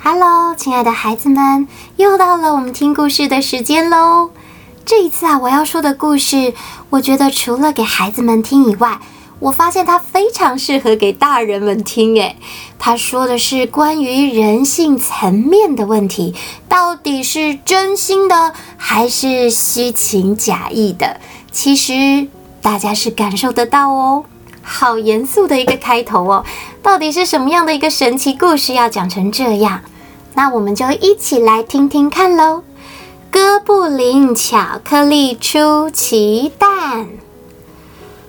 Hello，親愛的孩子們，又到了我們聽故事的時間嘍。這一次啊，我要說的故事，我覺得除了給孩子們聽以外，我發現它非常適合給大人們聽。誒，他說的是關於人性層面的問題，到底是真心的還是虛情假意的？其實大家是感受得到哦。好嚴肅的一個開頭哦，到底是什麼樣的一個神奇故事要講成這樣？那我們就一起來聽聽看咯。哥布林巧克力出奇蛋。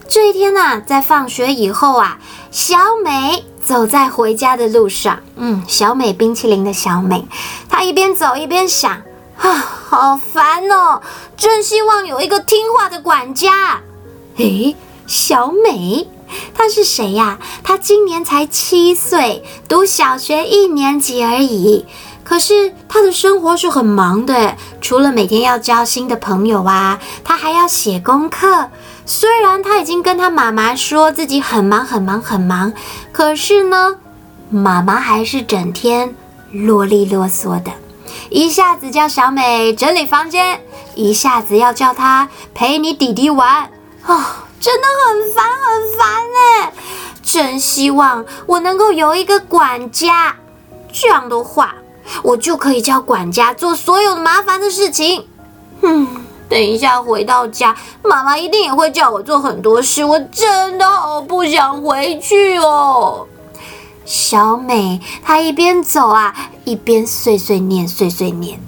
這一天呢、啊，在放學以後啊，小美走在回家的路上。嗯，小美冰淇淋的小美，她一邊走一邊想啊，好煩哦，真希望有一個聽話的管家。誒，小美。他是誰呀、啊？他今年才七歲，讀小學一年級而已。可是他的生活是很忙的，除了每天要交新的朋友啊，他還要寫功課。雖然他已經跟他媽媽說自己很忙很忙很忙，可是呢，媽媽還是整天囉里囉嗦的，一下子叫小美整理房間，一下子要叫他陪你弟弟玩、哦真的很煩，很煩哎！真希望我能夠有一個管家，這樣的話，我就可以叫管家做所有麻煩的事情。嗯，等一下回到家，媽媽一定也會叫我做很多事，我真的好不想回去哦。小美她一邊走啊，一邊碎碎念，碎碎念。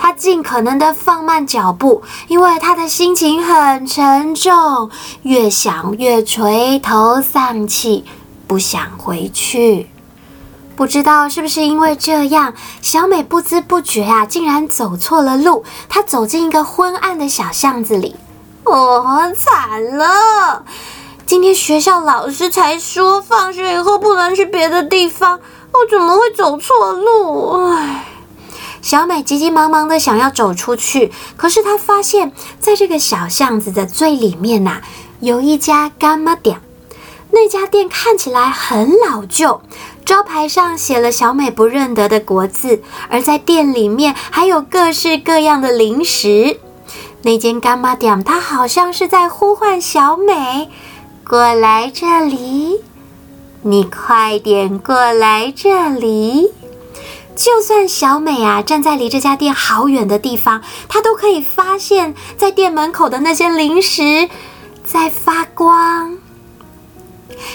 她盡可能地放慢腳步，因為她的心情很沉重，越想越垂頭喪氣，不想回去。不知道是不是因為這樣，小美不知不覺啊，竟然走錯了路。她走進一個昏暗的小巷子裡，我、哦、慘了！今天學校老師才說放學以後不能去別的地方，我怎麼會走錯路？唉。小美急急忙忙地想要走出去，可是她發現，在這個小巷子的最裡面吶、啊，有一家柑仔店。那家店看起來很老舊，招牌上寫了小美不認得的國字，而在店裡面還有各式各樣的零食。那間柑仔店，它好像是在呼喚小美，過來這裡，你快點過來這裡。就算小美啊站在離這家店好遠的地方，她都可以發現，在店門口的那些零食在發光。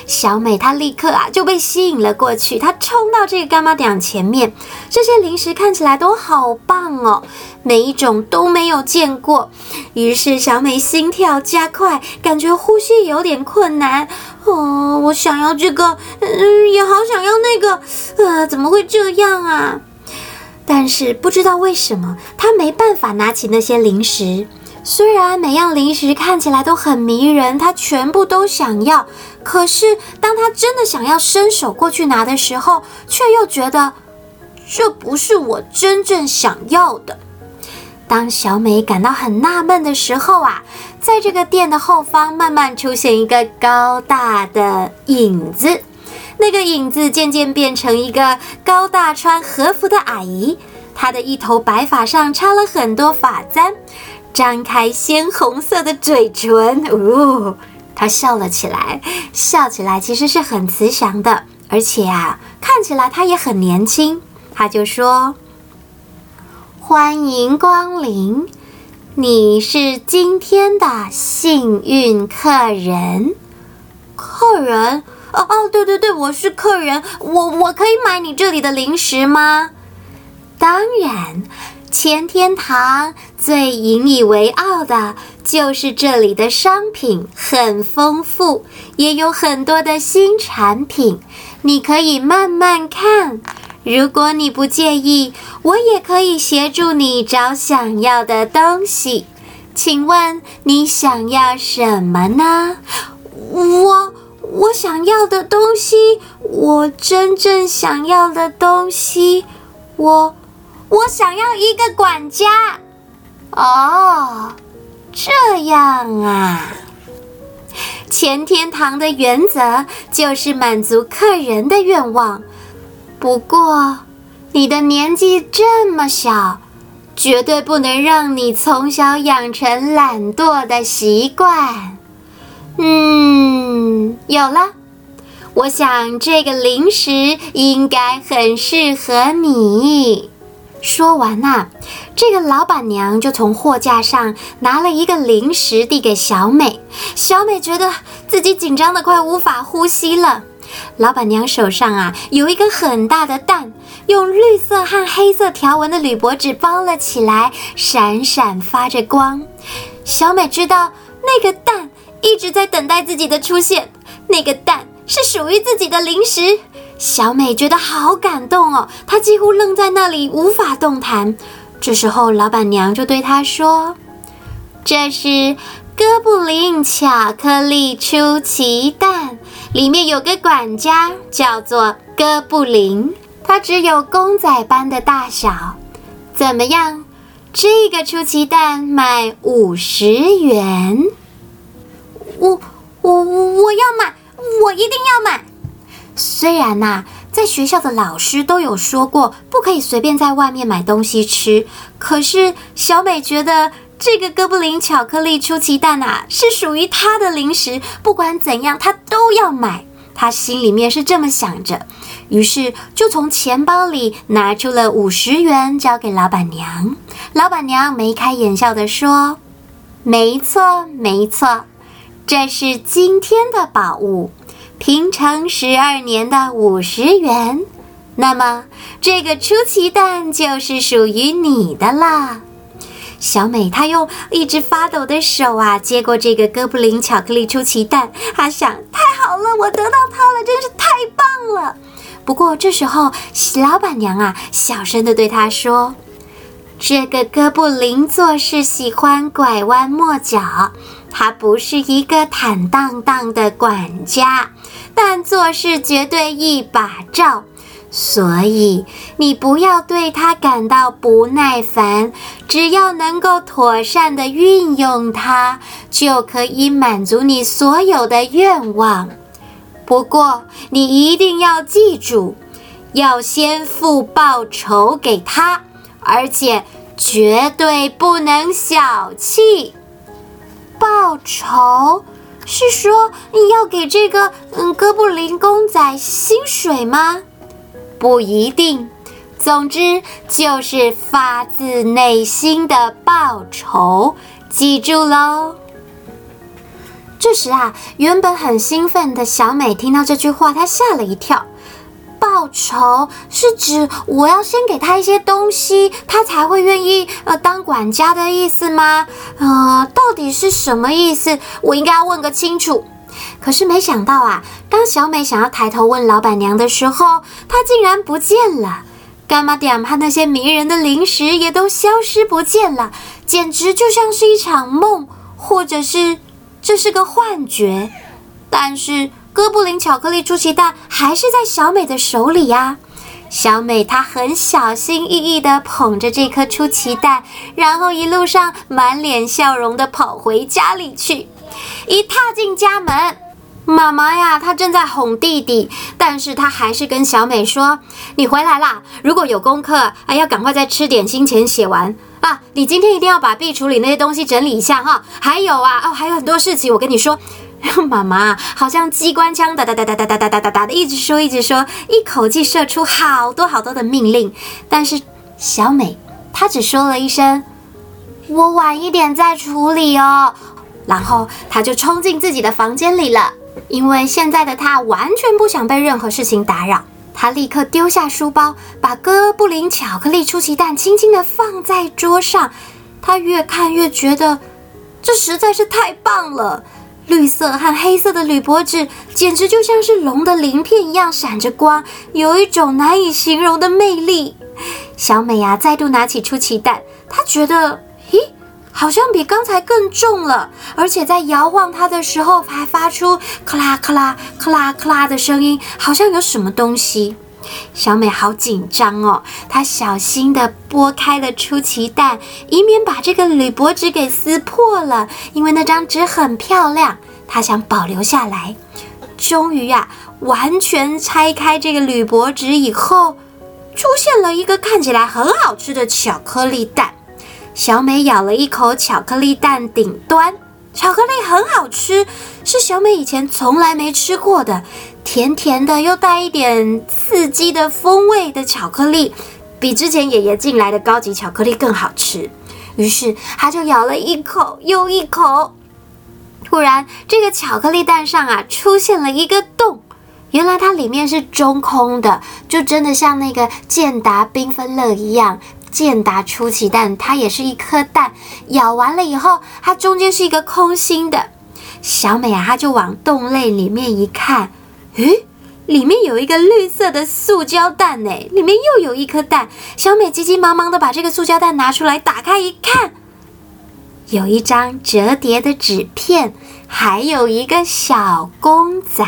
小美她立刻啊就被吸引了過去，她衝到這個柑仔店前面，這些零食看起來都好棒哦，每一種都沒有見過。於是小美心跳加快，感覺呼吸有點困難。哦，我想要這個，嗯，也好想要那個，呃，怎麼會這樣啊？但是不知道為什麼，他沒辦法拿起那些零食。雖然每樣零食看起來都很迷人，他全部都想要，可是當他真的想要伸手過去拿的時候，卻又覺得這不是我真正想要的。當小美感到很納悶的時候啊，在這個店的後方慢慢出現一個高大的影子，那個影子漸漸變成一個高大穿和服的阿姨，她的一頭白髮上插了很多髮簪，張開鮮紅色的嘴唇，嗚、哦，她笑了起來，笑起來其實是很慈祥的，而且啊，看起來她也很年輕，她就說。歡迎光臨，你是今天的幸運客人。客人？哦哦，對對對，我是客人，我我可以買你這裡的零食嗎？當然，錢天堂最引以為傲的就是這裡的商品很豐富，也有很多的新產品，你可以慢慢看。如果你不介意，我也可以協助你找想要的東西。請問你想要什麼呢？我我想要的東西，我真正想要的東西，我我想要一個管家。哦，這樣啊。錢天堂的原則就是滿足客人的願望。不過，你的年紀這麼小，絕對不能讓你從小養成懶惰的習慣。嗯，有了，我想這個零食應該很適合你。說完吶、啊，這個老闆娘就從貨架上拿了一個零食遞給小美。小美覺得自己緊張得快無法呼吸了。老闆娘手上啊有一個很大的蛋，用綠色和黑色條紋的鋁箔紙包了起來，閃閃發着光。小美知道那個蛋一直在等待自己的出現，那個蛋是屬於自己的零食。小美覺得好感動哦，她幾乎愣在那裡無法動彈。這時候老闆娘就對她說：“這是。”哥布林巧克力出奇蛋裡面有個管家，叫做哥布林，它只有公仔般的大小。怎麼樣？這個出奇蛋賣五十元。我、我、我我要買，我一定要買。雖然吶、啊，在學校的老師都有說過，不可以隨便在外面買東西吃，可是小美覺得。這個哥布林巧克力出奇蛋啊，是屬於他的零食。不管怎樣，他都要買。他心裡面是這麼想着，於是就從錢包裡拿出了五十元，交給老闆娘。老闆娘眉開眼笑地說：“沒錯，沒錯，這是今天的寶物，平成十二年的五十元。那麼這個出奇蛋就是屬於你的啦。”小美她用一隻發抖的手啊，接過這個哥布林巧克力出奇蛋。她想，太好了，我得到它了，真是太棒了。不過這時候，老闆娘啊，小聲地對她說：“這個哥布林做事喜歡拐彎抹角，他不是一個坦蕩蕩的管家，但做事絕對一把罩。所以你不要對他感到不耐煩，只要能夠妥善的運用它，就可以滿足你所有的願望。不過你一定要記住，要先付報酬給他，而且絕對不能小氣。報酬是說你要給這個嗯哥布林公仔薪水嗎？不一定，總之就是發自內心的報酬，記住嘍。這時啊，原本很興奮的小美聽到這句話，她嚇了一跳。報酬是指我要先給他一些東西，他才會願意呃當管家的意思嗎？呃，到底是什麼意思？我應該要問個清楚。可是沒想到啊，當小美想要抬頭問老闆娘的時候，她竟然不見了。柑仔店和那些迷人的零食也都消失不見了，簡直就像是一場夢，或者是這是個幻覺。但是哥布林巧克力出奇蛋還是在小美的手裡呀，啊。小美她很小心翼翼地捧着這顆出奇蛋，然後一路上滿臉笑容地跑回家裡去。一踏進家門，媽媽呀，她正在哄弟弟，但是她還是跟小美說：“你回來啦！如果有功課，哎，要趕快在吃點心前寫完啊！你今天一定要把壁櫥裡那些東西整理一下哈、哦！還有啊，哦，還有很多事情我跟你說。”媽媽好像機關槍噠噠噠噠噠噠噠噠噠的一直說一直說，一直說，一口氣射出好多好多的命令，但是小美她只說了一聲：“我晚一點再處理哦。”然後他就衝進自己的房間裡了，因為現在的他完全不想被任何事情打擾。他立刻丟下書包，把哥布林巧克力出奇蛋輕輕地放在桌上。他越看越覺得這實在是太棒了，綠色和黑色的鋁箔紙簡直就像是龍的鱗片一樣閃着光，有一種難以形容的魅力。小美呀、啊，再度拿起出奇蛋，她覺得。好像比剛才更重了，而且在搖晃它的時候還發出咔啦咔啦咔啦咔啦的聲音，好像有什麼東西。小美好緊張哦，她小心地撥開了出奇蛋，以免把這個鋁箔紙給撕破了，因為那張紙很漂亮，她想保留下來。終於呀，完全拆開這個鋁箔紙以後，出現了一個看起來很好吃的巧克力蛋。小美咬了一口巧克力蛋頂端，巧克力很好吃，是小美以前從來沒吃過的，甜甜的又帶一點刺激的風味的巧克力，比之前爺爺進來的高級巧克力更好吃。於是她就咬了一口又一口。突然，這個巧克力蛋上啊出現了一個洞，原來它裡面是中空的，就真的像那個健達繽紛樂一樣。健達出奇蛋，它也是一顆蛋，咬完了以後，它中間是一個空心的。小美啊，她就往洞內裡面一看，誒，裡面有一個綠色的塑膠蛋呢，裡面又有一顆蛋。小美急急忙忙的把這個塑膠蛋拿出來，打開一看，有一張折疊的紙片，還有一個小公仔。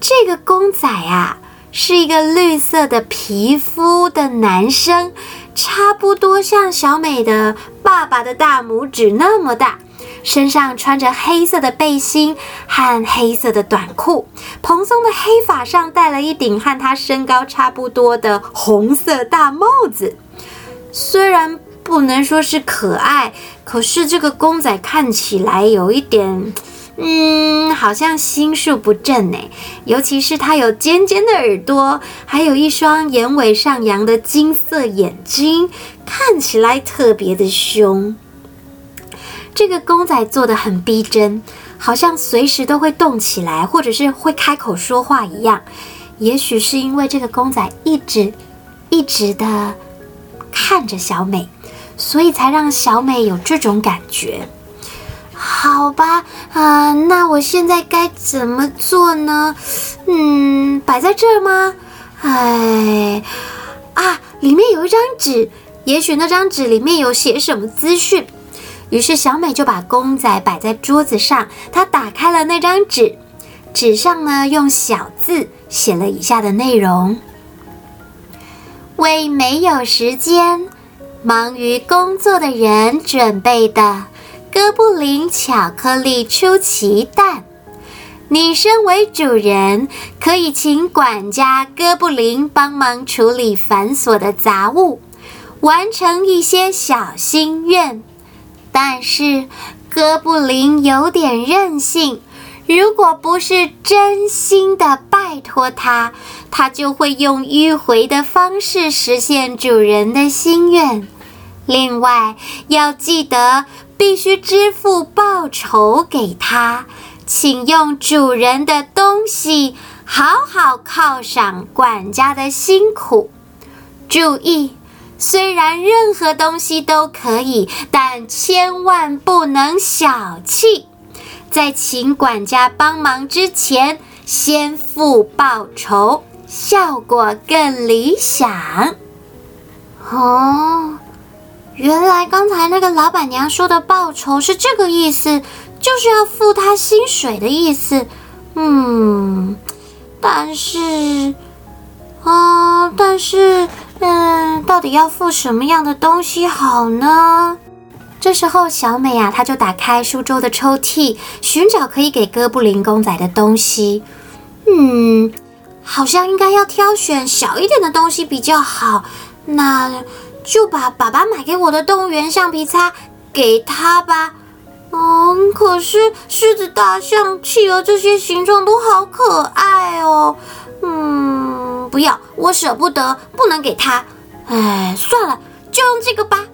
這個公仔啊。是一個綠色的皮膚的男生，差不多像小美的爸爸的大拇指那麼大，身上穿着黑色的背心和黑色的短褲，蓬鬆的黑髮上戴了一頂和他身高差不多的紅色大帽子。雖然不能說是可愛，可是這個公仔看起來有一點。嗯，好像心術不正哎，尤其是它，有尖尖的耳朵，還有一雙眼尾上揚的金色眼睛，看起來特別的兇。這個公仔做得很逼真，好像隨時都會動起來，或者是會開口說話一樣。也許是因為這個公仔一直一直的看着小美，所以才讓小美有這種感覺。好吧，啊，那我現在該怎麼做呢？嗯，擺在這兒嗎？哎，啊，裡面有一張紙，也許那張紙裡面有寫什麼資訊。於是小美就把公仔擺在桌子上，她打開了那張紙，紙上呢用小字寫了以下的內容：為沒有時間、忙於工作的人準備的。哥布林巧克力出奇蛋，你身為主人，可以請管家哥布林幫忙處理繁瑣的雜物，完成一些小心願。但是哥布林有點任性，如果不是真心的拜托他，他就會用迂回的方式實現主人的心願。另外，要記得。必須支付報酬給他，請用主人的東西好好犒賞管家的辛苦。注意，雖然任何東西都可以，但千萬不能小氣。在請管家幫忙之前，先付報酬，效果更理想。哦。原來剛才那個老闆娘說的報酬是這個意思，就是要付她薪水的意思。嗯，但是，啊、呃，但是，嗯，到底要付什麼樣的東西好呢？這時候，小美啊，她就打開書桌的抽屜，尋找可以給哥布林公仔的東西。嗯，好像應該要挑選小一點的東西比較好。那。就把爸爸買給我的動物園橡皮擦給他吧。嗯，可是獅子、大象、企鵝這些形狀都好可愛哦。嗯，不要，我捨不得，不能給他。哎，算了，就用這個吧。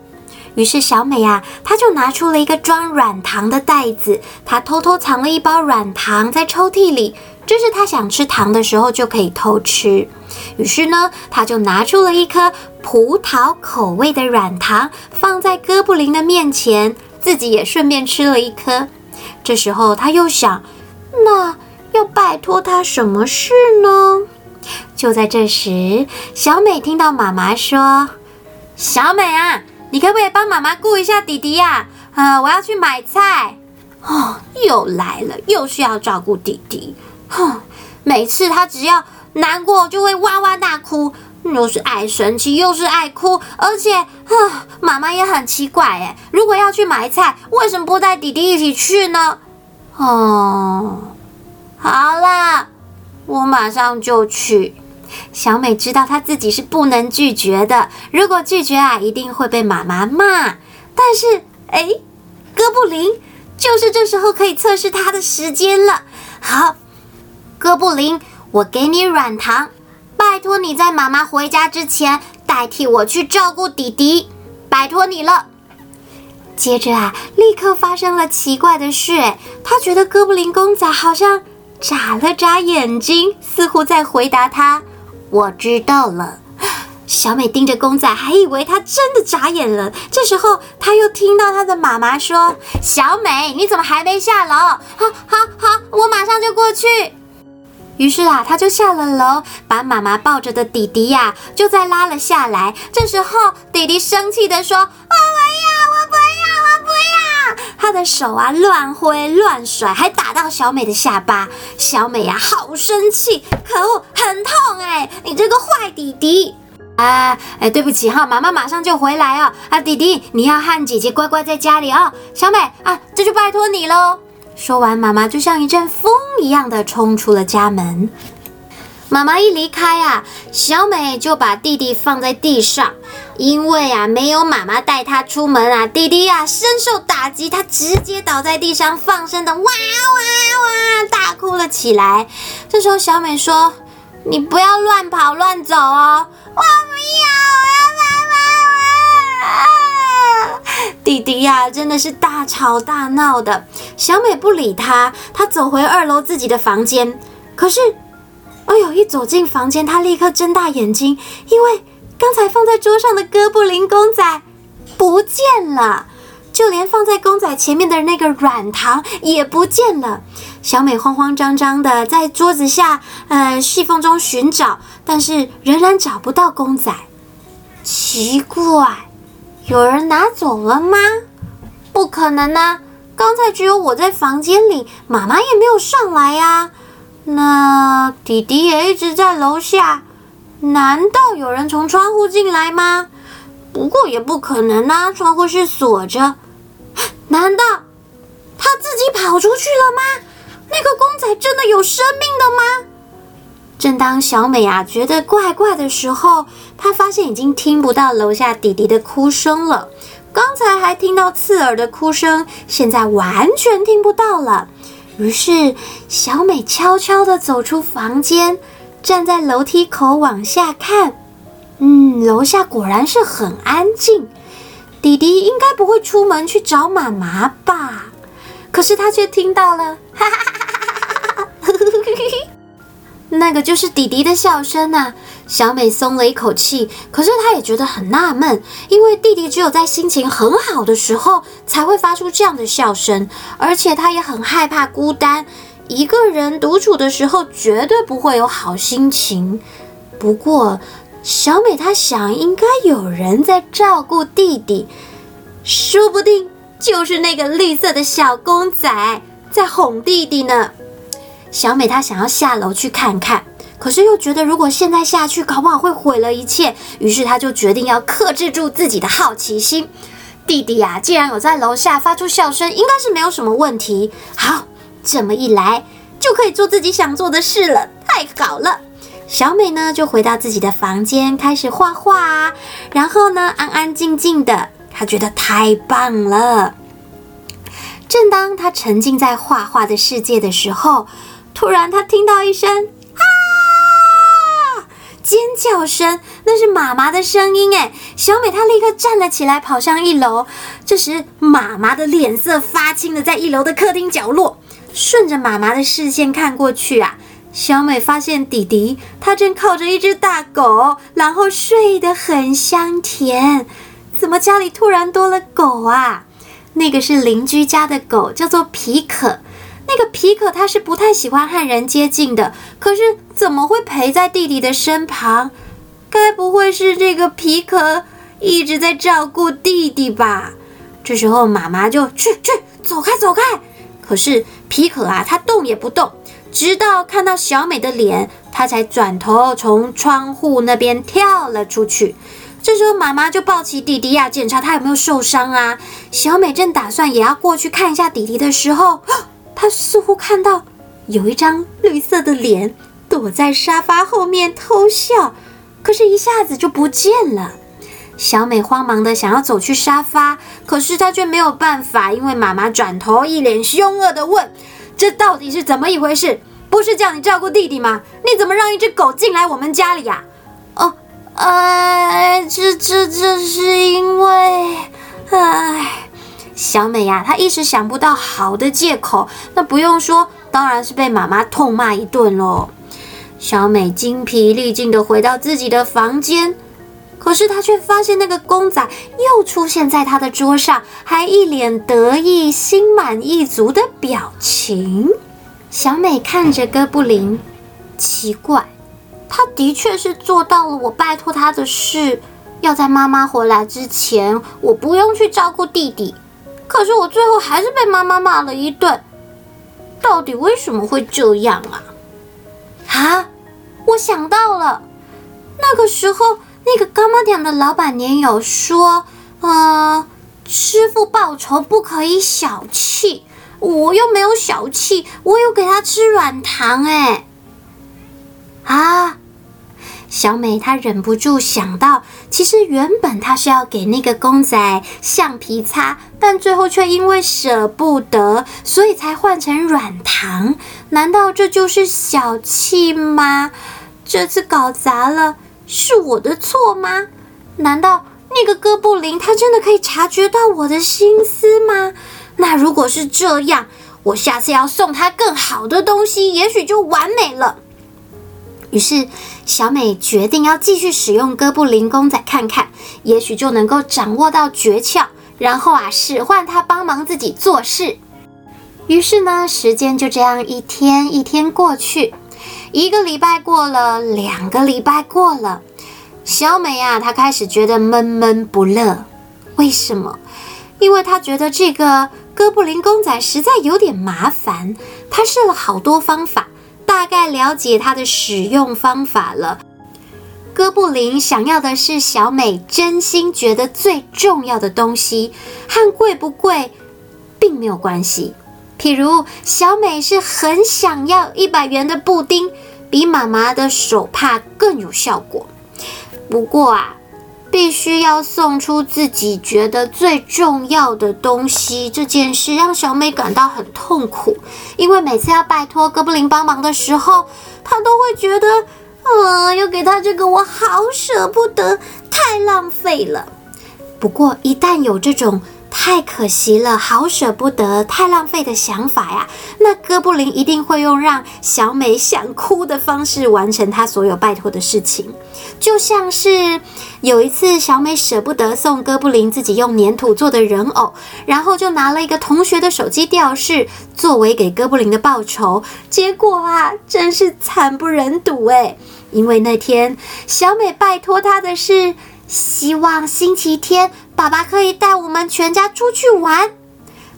於是小美呀，她就拿出了一個裝軟糖的袋子，她偷偷藏了一包軟糖在抽屜裡，這是她想吃糖的時候就可以偷吃。於是呢，她就拿出了一顆。葡萄口味的軟糖放在哥布林的面前，自己也順便吃了一顆。這時候他又想，那要拜托他什麼事呢？就在這時，小美聽到媽媽說：“小美啊，你可不可以幫媽媽顧一下弟弟呀、啊？啊、呃，我要去買菜。”哦，又來了，又需要照顧弟弟。哼，每次他只要難過就會哇哇大哭。又是愛生氣，又是愛哭，而且，媽媽也很奇怪耶。如果要去買菜，為什麼不帶弟弟一起去呢？哦，好啦，我馬上就去。小美知道她自己是不能拒絕的，如果拒絕啊，一定會被媽媽罵。但是，哎，哥布林，就是這時候可以測試他的時間了。好，哥布林，我給你軟糖。拜託你，在媽媽回家之前代替我去照顧弟弟，拜託你了。接着啊，立刻發生了奇怪的事，他覺得哥布林公仔好像眨了眨眼睛，似乎在回答他：“我知道了。”小美盯着公仔，還以為他真的眨眼了。這時候，她又聽到他的媽媽說：“小美，你怎麼還沒下樓？好，好，好，我馬上就過去。”於是啊，他就下了樓，把媽媽抱着的弟弟呀、啊，就再拉了下來。這時候，弟弟生氣地說：“我不要，我不要，我不要！”他的手啊亂揮亂甩，還打到小美的下巴。小美呀、啊，好生氣，可惡，很痛哎、欸！你這個壞弟弟啊！哎，對不起哈，媽媽馬上就回來哦。啊，弟弟，你要和姐姐乖乖在家裡哦。小美啊，這就拜托你嘍。說完，媽媽就像一陣風。一樣的衝出了家門。媽媽一離開啊，小美就把弟弟放在地上，因為啊，沒有媽媽帶他出門啊，弟弟啊深受打擊，他直接倒在地上，放聲的哇哇哇大哭了起來。這時候，小美說：“你不要亂跑亂走哦。”我不要啊。弟弟呀、啊，真的是大吵大鬧的。小美不理他，他走回二樓自己的房間。可是，哎呦，一走進房間，他立刻睜大眼睛，因為剛才放在桌上的哥布林公仔不見了，就連放在公仔前面的那個軟糖也不見了。小美慌慌張張的在桌子下、嗯、呃、細縫中尋找，但是仍然找不到公仔，奇怪。有人拿走了嗎？不可能啊！剛才只有我在房間裡，媽媽也沒有上來呀。那弟弟也一直在樓下，難道有人從窗戶進來嗎？不過也不可能啊，窗戶是鎖着。難道他自己跑出去了嗎？那個公仔真的有生命的嗎？正當小美啊覺得怪怪的時候，她發現已經聽不到樓下弟弟的哭聲了。剛才還聽到刺耳的哭聲，現在完全聽不到了。於是小美悄悄地走出房間，站在樓梯口往下看。嗯，樓下果然是很安靜，弟弟應該不會出門去找媽媽吧？可是她卻聽到了哈。哈哈哈哈哈那個就是弟弟的笑聲吶、啊，小美鬆了一口氣。可是她也覺得很納悶，因為弟弟只有在心情很好的時候才會發出這樣的笑聲，而且她也很害怕孤單，一個人獨處的時候絕對不會有好心情。不過，小美她想，應該有人在照顧弟弟，說不定就是那個綠色的小公仔在哄弟弟呢。小美她想要下樓去看看，可是又覺得如果現在下去，搞不好會毀了一切。於是她就決定要克制住自己的好奇心。弟弟呀、啊，既然有在樓下發出笑聲，應該是沒有什麼問題。好，這麼一來就可以做自己想做的事了，太好了。小美呢就回到自己的房間開始畫畫、啊，然後呢安安靜靜的，她覺得太棒了。正當她沉浸在畫畫的世界的時候，突然，他聽到一聲啊！尖叫聲，那是媽媽的聲音。哎，小美她立刻站了起來，跑上一樓。這時，媽媽的臉色發青的，在一樓的客廳角落。順着媽媽的視線看過去啊，小美發現弟弟他正靠着一隻大狗，然後睡得很香甜。怎麼家裡突然多了狗啊？那個是鄰居家的狗，叫做皮可。那個皮可他是不太喜歡和人接近的，可是怎麼會陪在弟弟的身旁？該不會是這個皮可一直在照顧弟弟吧？這時候媽媽就去，去走開走開，可是皮可啊，他動也不動，直到看到小美的臉，他才轉頭從窗戶那邊跳了出去。這時候媽媽就抱起弟弟啊，檢查他有沒有受傷啊。小美正打算也要過去看一下弟弟的時候。他似乎看到有一張綠色的臉躲在沙發後面偷笑，可是，一下子就不見了。小美慌忙地想要走去沙發，可是她卻沒有辦法，因為媽媽轉頭一臉凶惡地問：“這到底是怎麼一回事？不是叫你照顧弟弟嗎？你怎麼讓一隻狗進來我們家裡呀、啊？”“哦，哎，這、這、這是因為……唉、哎。”小美呀、啊，她一時想不到好的借口，那不用說，當然是被媽媽痛罵一頓嘍。小美精疲力盡地回到自己的房間，可是她卻發現那個公仔又出現在她的桌上，還一臉得意、心滿意足的表情。小美看着哥布林，奇怪，她的確是做到了我拜托她的事，要在媽媽回來之前，我不用去照顧弟弟。可是我最後還是被媽媽罵了一頓，到底為什麼會這樣啊？啊，我想到了，那個時候那個柑仔店的老闆娘有說，呃，師傅報仇不可以小氣，我又沒有小氣，我有給他吃軟糖哎、欸，啊。小美她忍不住想到，其實原本她是要給那個公仔橡皮擦，但最後卻因為捨不得，所以才換成軟糖。難道這就是小氣嗎？這次搞砸了，是我的錯嗎？難道那個哥布林他真的可以察覺到我的心思嗎？那如果是這樣，我下次要送他更好的東西，也許就完美了。於是。小美決定要繼續使用哥布林公仔，看看，也許就能夠掌握到訣竅，然後啊，使喚他幫忙自己做事。於是呢，時間就這樣一天一天過去，一個禮拜過了，兩個禮拜過了，小美啊，她開始覺得悶悶不樂。為什麼？因為她覺得這個哥布林公仔實在有點麻煩，她試了好多方法。大概了解它的使用方法了。哥布林想要的是小美真心覺得最重要的東西，和貴不貴並沒有關係。譬如小美是很想要一百元的布丁，比媽媽的手帕更有效果。不過啊。必須要送出自己覺得最重要的東西這件事，讓小美感到很痛苦。因為每次要拜托哥布林幫忙的時候，她都會覺得，嗯、呃，要給她這個，我好捨不得，太浪費了。不過，一旦有這種……太可惜了，好捨不得，太浪費的想法呀！那哥布林一定會用讓小美想哭的方式完成她所有拜托的事情，就像是有一次小美捨不得送哥布林自己用粘土做的人偶，然後就拿了一個同學的手機吊飾作為給哥布林的報酬，結果啊，真是慘不忍睹誒，因為那天小美拜託他的是希望星期天爸爸可以帶我們全家出去玩。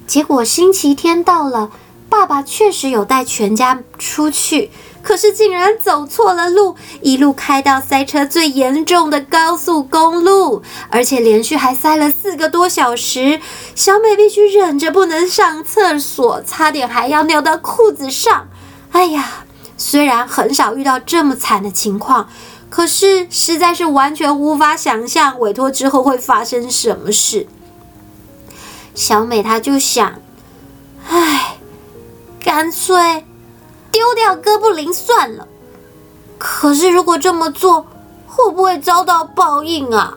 結果星期天到了，爸爸確實有帶全家出去，可是竟然走錯了路，一路開到塞車最嚴重的高速公路，而且連續還塞了四個多小時。小美必須忍着不能上廁所，差點還要尿到褲子上。哎呀，雖然很少遇到這麼慘的情況。可是，實在是完全無法想象委託之後會發生什麼事。小美她就想，哎，乾脆丟掉哥布林算了。可是，如果這麼做，會不會遭到報應啊？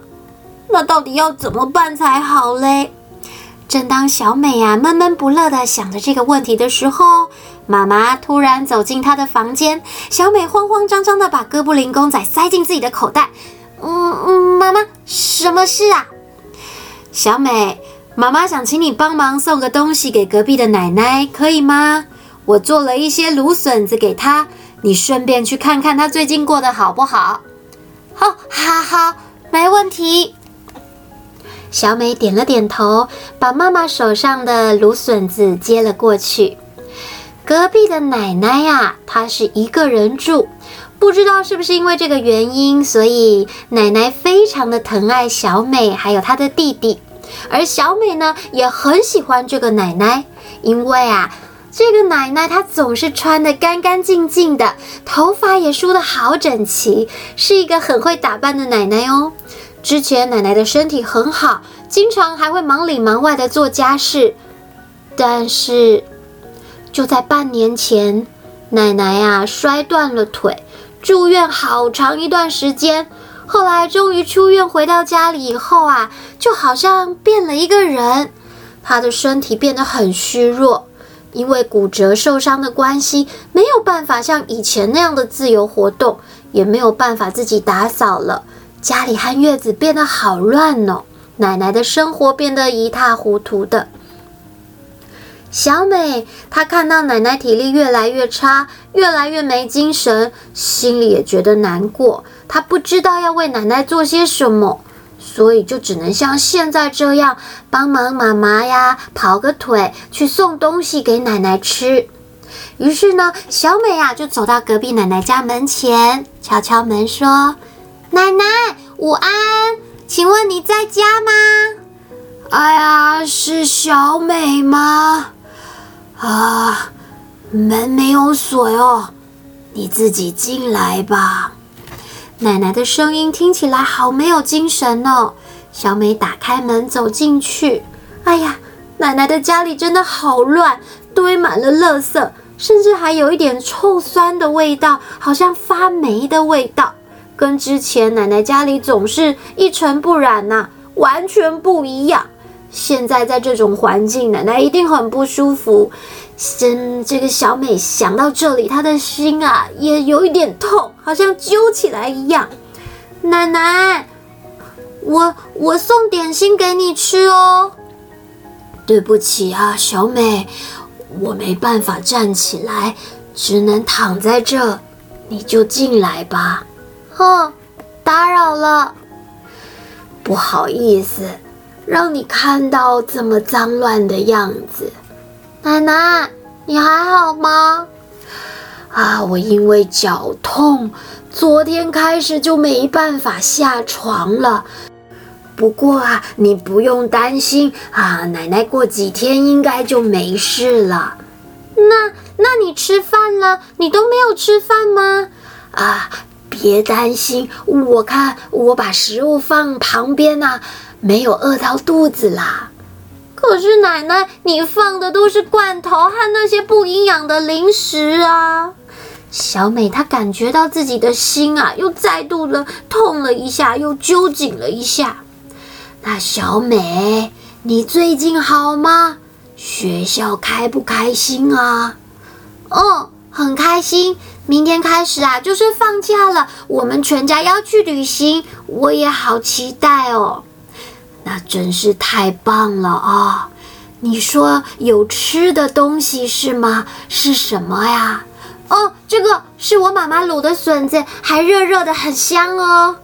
那到底要怎麼辦才好嘞？正當小美呀、啊、悶悶不樂地想着這個問題的時候，媽媽突然走進她的房間，小美慌慌張張地把哥布林公仔塞進自己的口袋。嗯嗯，媽媽，什麼事啊？小美，媽媽想請你幫忙送個東西給隔壁的奶奶，可以嗎？我做了一些蘆筍子給她，你順便去看看她最近過得好不好。好、哦，好好，沒問題。小美點了點頭，把媽媽手上的蘆筍子接了過去。隔壁的奶奶呀，她是一個人住，不知道是不是因為這個原因，所以奶奶非常的疼愛小美還有她的弟弟。而小美呢，也很喜歡這個奶奶，因為啊，這個奶奶她總是穿得乾乾淨淨的，頭髮也梳得好整齊，是一個很會打扮的奶奶哦。之前奶奶的身體很好，經常還會忙裡忙外的做家事，但是，就在半年前，奶奶呀、啊、摔斷了腿，住院好長一段時間。後來終於出院回到家裡以後啊，就好像變了一個人。她的身體變得很虛弱，因為骨折受傷的關係，沒有辦法像以前那樣的自由活動，也沒有辦法自己打掃了。家裡和院子變得好亂哦，奶奶的生活變得一塌糊塗的。小美，她看到奶奶體力越來越差，越來越沒精神，心裡也覺得難過。她不知道要為奶奶做些什麼，所以就只能像現在這樣，幫忙媽媽呀，跑個腿去送東西給奶奶吃。於是呢，小美呀，啊，就走到隔壁奶奶家門前，敲敲門說：“奶奶，午安，請問你在家嗎？”哎呀，是小美嗎？啊，門沒有鎖喲、哦，你自己進來吧。奶奶的聲音聽起來好沒有精神哦。小美打開門走進去，哎呀，奶奶的家裡真的好亂，堆滿了垃圾，甚至還有一點臭酸的味道，好像發霉的味道，跟之前奶奶家裡總是一塵不染吶、啊，完全不一樣。現在在這種環境，奶奶一定很不舒服。先這個小美想到這裡，她的心啊也有一點痛，好像揪起來一樣。奶奶，我我送點心給你吃哦。對不起啊，小美，我沒辦法站起來，只能躺在這，你就進來吧。哼，打擾了，不好意思。讓你看到這麼髒亂的樣子，奶奶，你還好嗎？啊，我因為腳痛，昨天開始就沒辦法下床了。不過啊，你不用擔心啊，奶奶過幾天應該就沒事了。那，那你吃飯了？你都沒有吃飯嗎？啊，別擔心，我看我把食物放旁邊啊。沒有餓到肚子啦，可是奶奶，你放的都是罐頭和那些不營養的零食啊！小美，她感覺到自己的心啊，又再度的痛了一下，又揪緊了一下。那小美，你最近好嗎？學校開不開心啊？哦、嗯，很開心。明天開始啊，就是放假了，我們全家要去旅行，我也好期待哦。那真是太棒了啊，哦！你說有吃的東西是嗎？是什麼呀？哦，這個是我媽媽滷的筍子，還熱熱的，很香哦。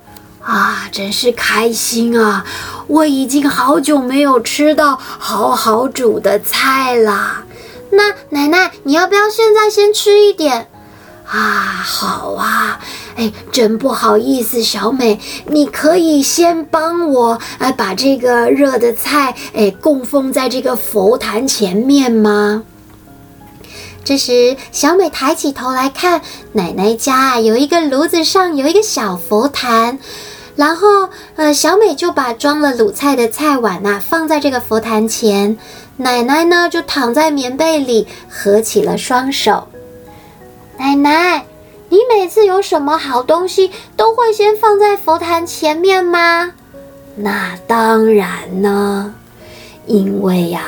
啊，真是開心啊！我已經好久沒有吃到好好煮的菜啦。那奶奶，你要不要現在先吃一點？啊，好啊，哎，真不好意思，小美，你可以先幫我哎把這個熱的菜哎供奉在這個佛壇前面嗎？這時，小美抬起頭來看，奶奶家啊有一個爐子上有一個小佛壇，然後呃，小美就把裝了滷菜的菜碗吶、啊、放在這個佛壇前，奶奶呢就躺在棉被裡合起了雙手。奶奶，你每次有什麼好東西都會先放在佛壇前面嗎？那當然呢，因為呀，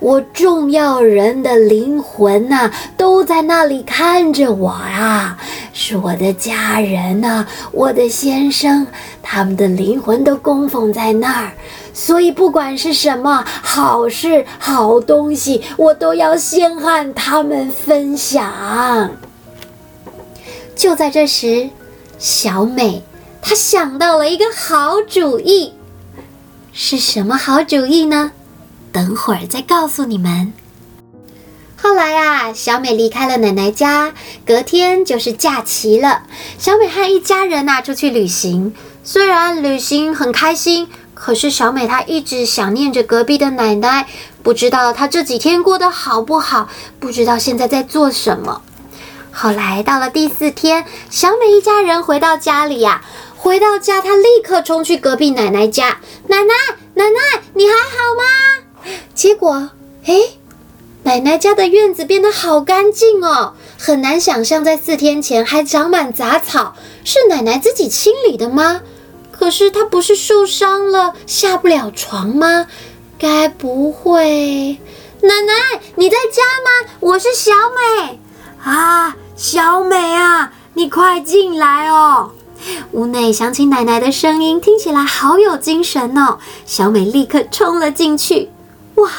我重要人的靈魂吶，都在那裡看着我啊，是我的家人吶，我的先生，他們的靈魂都供奉在那兒，所以不管是什麼好事、好東西，我都要先和他們分享。就在這時，小美她想到了一個好主意。是什麼好主意呢？等會兒再告訴你們。後來啊，小美離開了奶奶家，隔天就是假期了。小美和一家人啊出去旅行。雖然旅行很開心，可是小美她一直想念着隔壁的奶奶，不知道她這幾天過得好不好，不知道現在在做什麼。後來到了第四天，小美一家人回到家裡呀、啊。回到家，她立刻衝去隔壁奶奶家。奶奶，奶奶，你還好嗎？結果，誒，奶奶家的院子變得好乾淨哦，很難想象在四天前還長滿雜草，是奶奶自己清理的嗎？可是她不是受傷了，下不了床嗎？該不會，奶奶，你在家嗎？我是小美。啊。小美啊，你快進來哦！屋內響起奶奶的聲音，聽起來好有精神哦。小美立刻衝了進去。哇，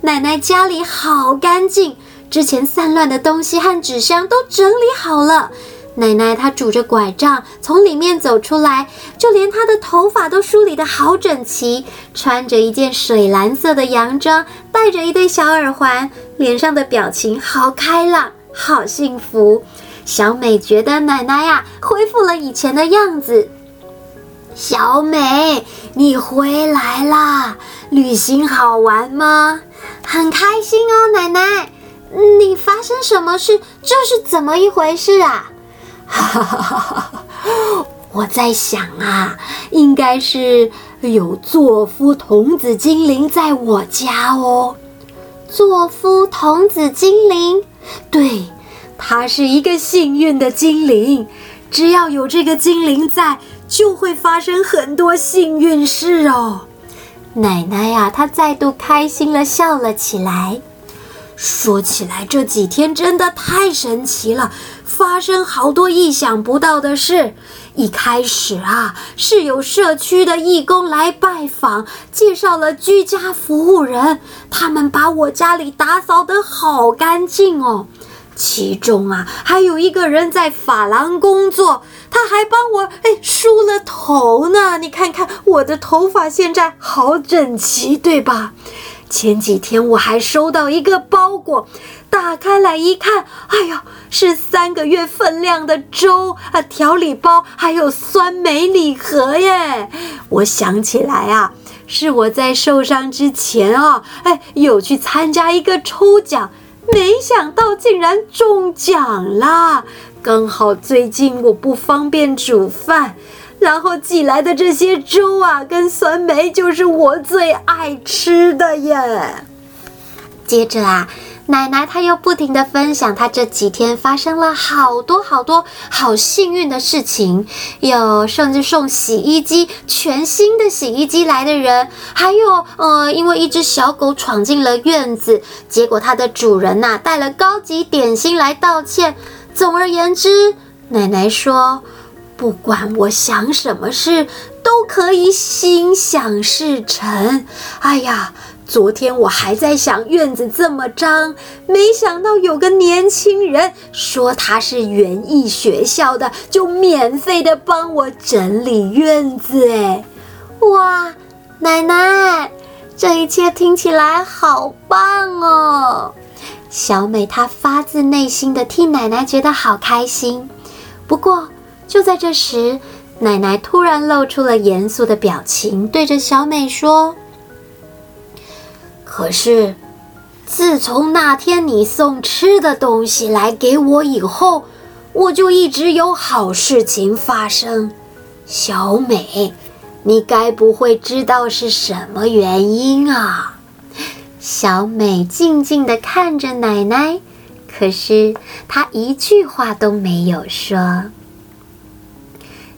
奶奶家裡好乾淨，之前散亂的東西和紙箱都整理好了。奶奶她拄着拐杖從裡面走出來，就連她的頭髮都梳理得好整齊，穿着一件水藍色的洋裝，戴着一對小耳環，臉上的表情好開朗。好幸福，小美覺得奶奶呀、啊、恢復了以前的樣子。小美，你回來啦？旅行好玩嗎？很開心哦，奶奶。你發生什麼事？這是怎麼一回事啊？哈哈哈哈哈！我在想啊，應該是有座敷童子精靈在我家哦。座敷童子精靈。對，他是一個幸運的精靈，只要有這個精靈在，就會發生很多幸運事哦。奶奶呀、啊，她再度開心地笑了起來。說起來，這幾天真的太神奇了，發生好多意想不到的事。一開始啊，是有社區的義工來拜訪，介紹了居家服務人，他們把我家裡打掃得好乾淨哦。其中啊，還有一個人在髮廊工作，他還幫我哎梳了頭呢。你看看我的頭髮現在好整齊，對吧？前幾天我還收到一個包裹，打開來一看，哎呦，是三個月份量的粥啊，調理包還有酸梅禮盒耶！我想起來啊，是我在受傷之前啊，哎，有去參加一個抽獎，沒想到竟然中獎啦！剛好最近我不方便煮飯。然後寄來的這些粥啊，跟酸梅就是我最愛吃的耶。接着啊，奶奶她又不停的分享，她這幾天發生了好多好多好幸運的事情，有甚至送洗衣機全新的洗衣機來的人，還有呃，因為一隻小狗闖進了院子，結果它的主人吶、啊、帶了高級點心來道歉。總而言之，奶奶說。不管我想什麼事，都可以心想事成。哎呀，昨天我還在想院子這麼髒，沒想到有個年輕人說他是園藝學校的，就免費的幫我整理院子。哎，哇，奶奶，這一切聽起來好棒哦！小美她發自內心的替奶奶覺得好開心。不過。就在這時，奶奶突然露出了嚴肅的表情，對着小美說：“可是，自從那天你送吃的東西來給我以後，我就一直有好事情發生。小美，你該不會知道是什麼原因啊？”小美靜靜地看着奶奶，可是她一句話都沒有說。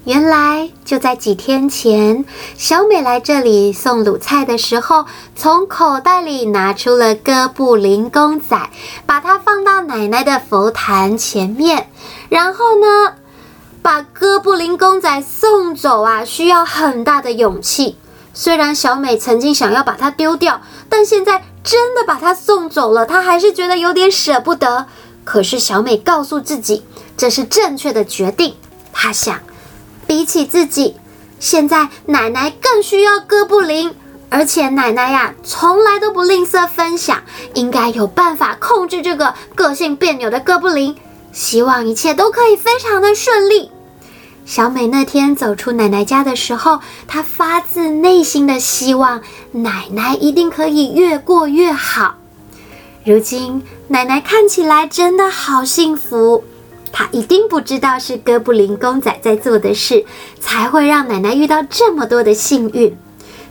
原來就在幾天前，小美來這裡送滷菜的時候，從口袋裡拿出了哥布林公仔，把它放到奶奶的佛壇前面。然後呢，把哥布林公仔送走啊，需要很大的勇氣。雖然小美曾經想要把它丟掉，但現在真的把它送走了，她還是覺得有點舍不得。可是小美告訴自己，這是正確的決定。她想。比起自己，現在奶奶更需要哥布林，而且奶奶呀，從來都不吝嗇分享，應該有辦法控制這個個性彆扭的哥布林。希望一切都可以非常的順利。小美那天走出奶奶家的時候，她發自內心的希望奶奶一定可以越過越好。如今奶奶看起來真的好幸福。他一定不知道是哥布林公仔在做的事，才會讓奶奶遇到這麼多的幸運。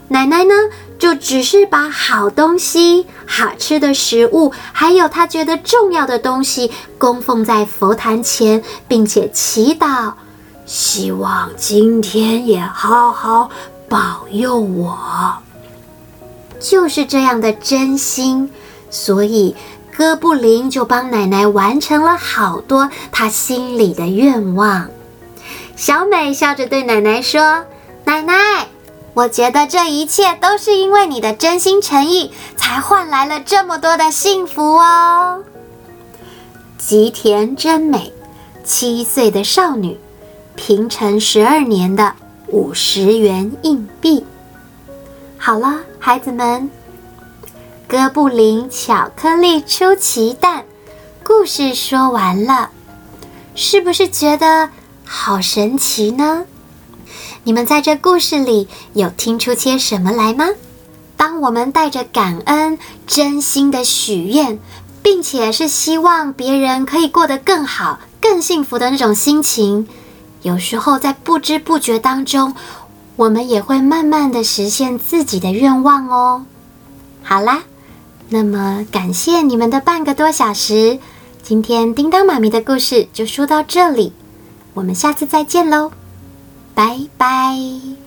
奶奶呢，就只是把好東西、好吃的食物，還有她覺得重要的東西，供奉在佛壇前，並且祈禱，希望今天也好好保佑我。就是這樣的真心，所以。哥布林就幫奶奶完成了好多她心裡的願望。小美笑着對奶奶說：“奶奶，我覺得這一切都是因為你的真心誠意，才換來了這麼多的幸福哦。”吉田真美，七歲的少女，平成十二年的五十元硬幣。好了，孩子們。哥布林巧克力出奇蛋，故事說完了，是不是覺得好神奇呢？你們在這故事裡有聽出些什麼來嗎？當我們帶着感恩、真心的許願，並且是希望別人可以過得更好、更幸福的那種心情，有時候在不知不覺當中，我們也會慢慢地實現自己的願望哦。好啦。那麼，感謝你們的半個多小時。今天叮噹媽咪的故事就說到這裡，我們下次再見嘍，拜拜。